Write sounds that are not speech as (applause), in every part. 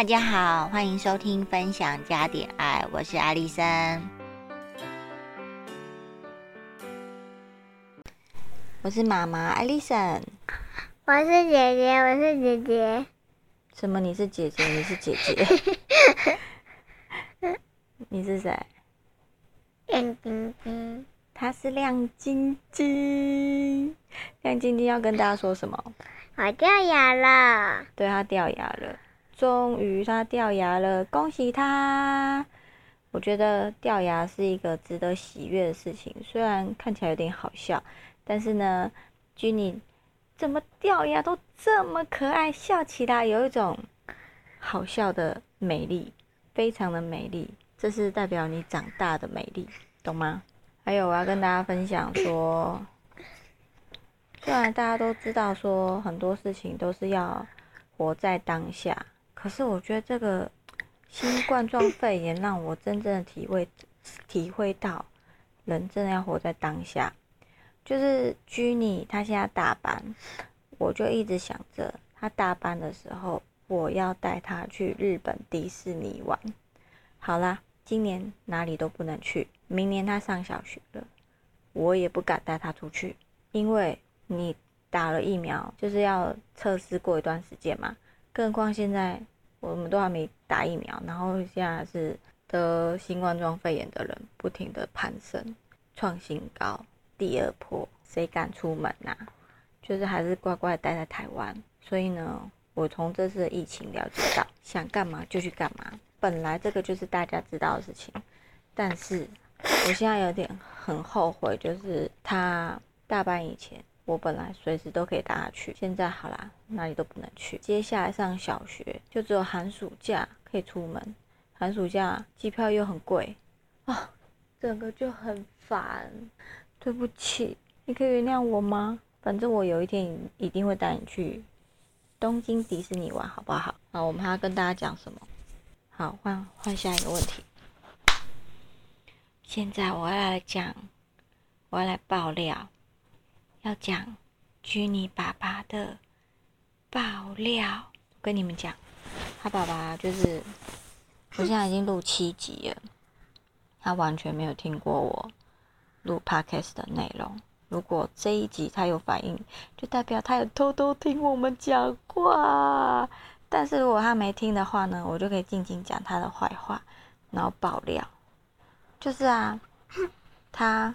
大家好，歡迎收聽《分享加點愛》，我是艾莉森，我是媽媽艾莉森，我是姐姐，我是姐姐。什麼？你是姐姐？你是姐姐？ (laughs) 你是誰？亮晶晶，她是亮晶晶。亮晶晶要跟大家說什麼？我掉牙了。對，她掉牙了。終於，他掉牙了，恭喜他！我覺得掉牙是一個值得喜悅的事情，雖然看起來有點好笑，但是呢，Jenny 怎麼掉牙都這麼可愛，笑起來有一種好笑的美麗，非常的美麗。這是代表你長大的美麗，懂嗎？還有，我要跟大家分享說，雖然大家都知道說很多事情都是要活在當下。可是我覺得這個新冠狀肺炎讓我真正的體會體會到，人真的要活在當下。就是 Gini 他現在大班，我就一直想着他大班的時候，我要帶他去日本迪士尼玩。好啦，今年哪裡都不能去，明年他上小學了，我也不敢帶他出去，因為你打了疫苗就是要測試過一段時間嘛。更何況現在我們都還沒打疫苗，然後現在是得新冠狀肺炎的人不停的攀升，創新高，第二波誰敢出門吶、啊？就是還是乖乖待在台灣。所以呢，我從這次的疫情了解到，想幹嘛就去幹嘛，本來這個就是大家知道的事情，但是我現在有點很後悔，就是他大半年前。我本來隨時都可以帶他去，現在好啦，哪裡都不能去。接下來上小學，就只有寒暑假可以出門，寒暑假機票又很貴，啊、哦，整個就很煩。對不起，你可以原諒我嗎？反正我有一天一定會帶你去東京迪士尼玩，好不好？好，我們還要跟大家講什麼？好，換換下一個問題。現在我要來講，我要來爆料。要講居你爸爸的爆料，跟你們講，他爸爸就是，我現在已經錄七集了，他完全沒有聽過我錄 podcast 的內容。如果這一集他有反應，就代表他有偷偷聽我們講話；但是如果他沒聽的話呢，我就可以靜靜講他的壞話，然後爆料。就是啊，他。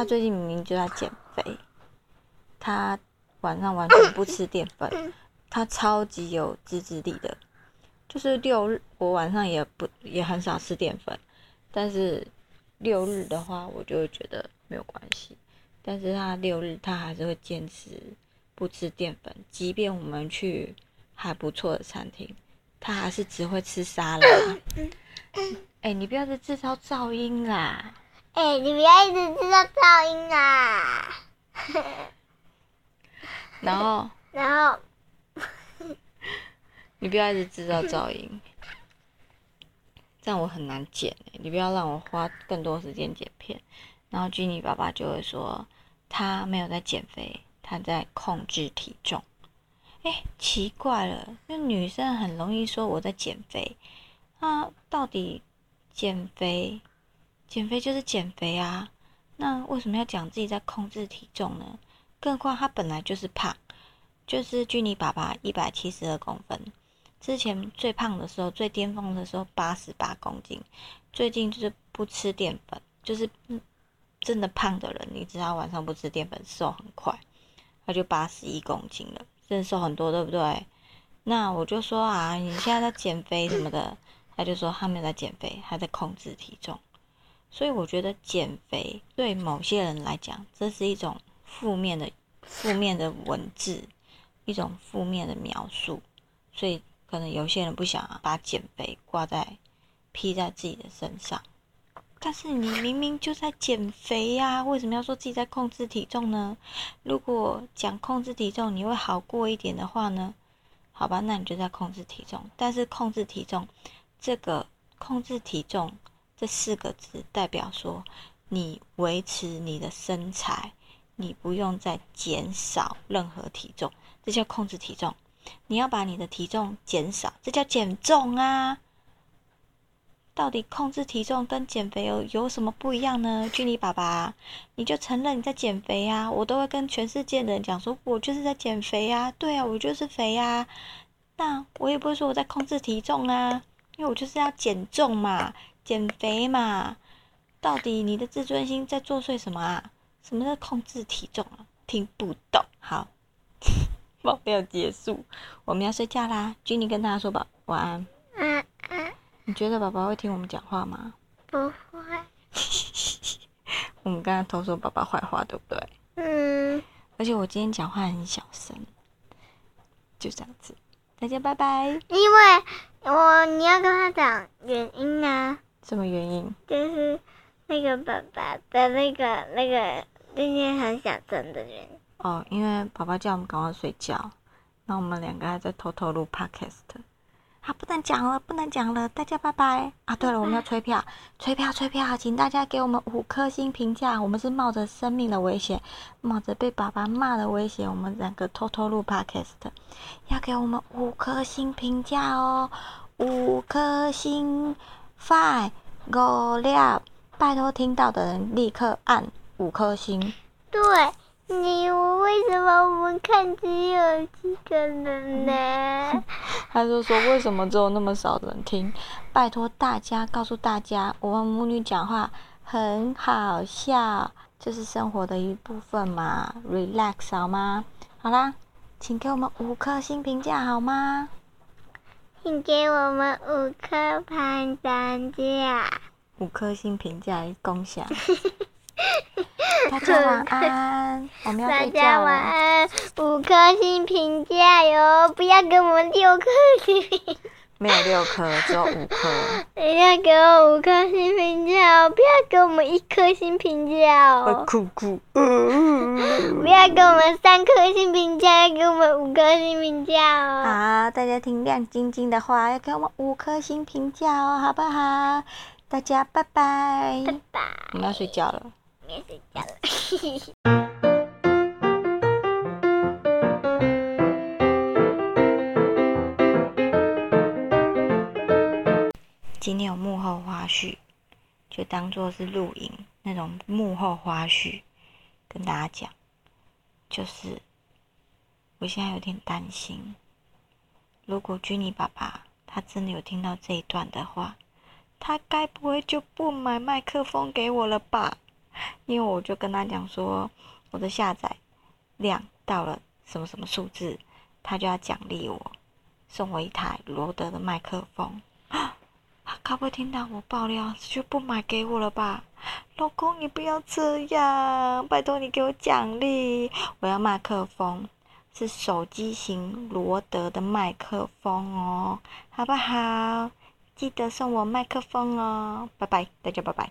他最近明明就在減肥，他晚上完全不吃澱粉，他超級有自制力的。就是六日我晚上也不也很少吃澱粉，但是六日的話我就會覺得沒有關係。但是他六日他還是會堅持不吃澱粉，即便我們去還不錯的餐廳，他還是只會吃沙拉。誒、 (coughs) 欸，你不要再製造噪音啦！哎、欸，你不要一直製造噪音啊！ (laughs) 然後， (laughs) 然後， (laughs) 你不要一直製造噪音，這樣我很難剪，欸、你不要讓我花更多時間剪片，然後君尼爸爸就會說他沒有在減肥，他在控制體重。哎、欸，奇怪了，那女生很容易說我在減肥，她到底減肥？減肥就是減肥啊，那為什麼要講自己在控制體重呢？更何況他本來就是胖，就是距你爸爸一百七十二公分，之前最胖的時候，最巔峰的時候八十八公斤，最近就是不吃澱粉，就是真的胖的人，你知道晚上不吃澱粉，瘦很快，他就八十一公斤了，真的瘦很多，對不對？那我就說啊，你現在在減肥什麼的，他就說他沒有在減肥，他在控制體重。所以我覺得減肥對某些人來講，這是一種負面的、負面的文字，一種負面的描述。所以可能有些人不想把減肥掛在、披在自己的身上。但是你明明就在減肥啊，為什麼要說自己在控制體重呢？如果講控制體重你會好過一點的話呢？好吧，那你就在控制體重。但是控制體重，這個控制體重。這四個字代表說，你維持你的身材，你不用再減少任何體重，這叫控制體重。你要把你的體重減少，這叫減重啊。到底控制體重跟減肥有有什麼不一樣呢？君尼爸爸，你就承認你在減肥啊？我都會跟全世界的人講說，說我就是在減肥啊。對啊，我就是肥啊。那我也不會說我在控制體重啊，因為我就是要減重嘛。減肥嘛，到底你的自尊心在作祟什麼啊？什麼叫控制體重了，啊？聽不懂。好， (laughs) 爆料結束，我們要睡覺啦。Jenny 跟大家說吧，晚安。嗯嗯。嗯，你覺得寶寶會聽我們講話嗎？不會。 (laughs) 我們剛剛偷說爸爸壞話，對不對？嗯。而且我今天講話很小聲，就這樣子，大家拜拜。因為我你要跟他講原因啊。什麼原因？就是那個爸爸的那個那個那天很小聲的原因。哦，因為爸爸叫我們趕快睡覺，那我們兩個還在偷偷錄 podcast。啊，不能講了，不能講了，大家拜拜。啊，對了，我們要催票，催票，催票，請大家給我們五顆星評價，我們是冒着生命的危險，冒着被爸爸罵的危險，我們兩個偷偷錄 podcast，要給我們五顆星評價哦，五顆星。five go, 拜託聽到的人立刻按五顆星。對，你為什麼我們看只有七個人呢？他就、嗯、說，說為什麼只有那麼少人聽？ (laughs) 拜託大家告訴大家，我們母女講話很好笑，這、就是生活的一部分嘛。Relax 好嗎？好啦，請給我們五顆星評價好嗎？請給我們五顆盤單價五顆星評價共享。 (laughs) 大家晚安，我們要睡覺了。大家晚安，五顆星評價喲，不要給我們六顆星。沒有六顆，只有五顆。你要給我五顆星評價哦！不要給我們一顆星評價哦！哭、呃、哭。哭呃、 (laughs) 不要給我們三顆星評價，要給我們五顆星評價哦！好、啊，大家聽亮晶晶的話，要給我們五顆星評價哦，好不好？大家拜拜。拜拜。我們要睡覺了。我要睡覺了。 (laughs) 今天有幕後花絮，就當做是錄影那種幕後花絮，跟大家講。就是，我現在有點擔心，如果君尼爸爸他真的有聽到這一段的話，他該不會就不買麥克風給我了吧？因為我就跟他講說，我的下載量到了什麼什麼數字，他就要獎勵我，送我一台羅德的麥克風。他不會聽到我爆料，就不買給我了吧？老公，你不要這樣，拜托你給我獎勵。我要麥克風，是手機型羅德的麥克風哦，好不好？記得送我麥克風哦，拜拜，大家拜拜。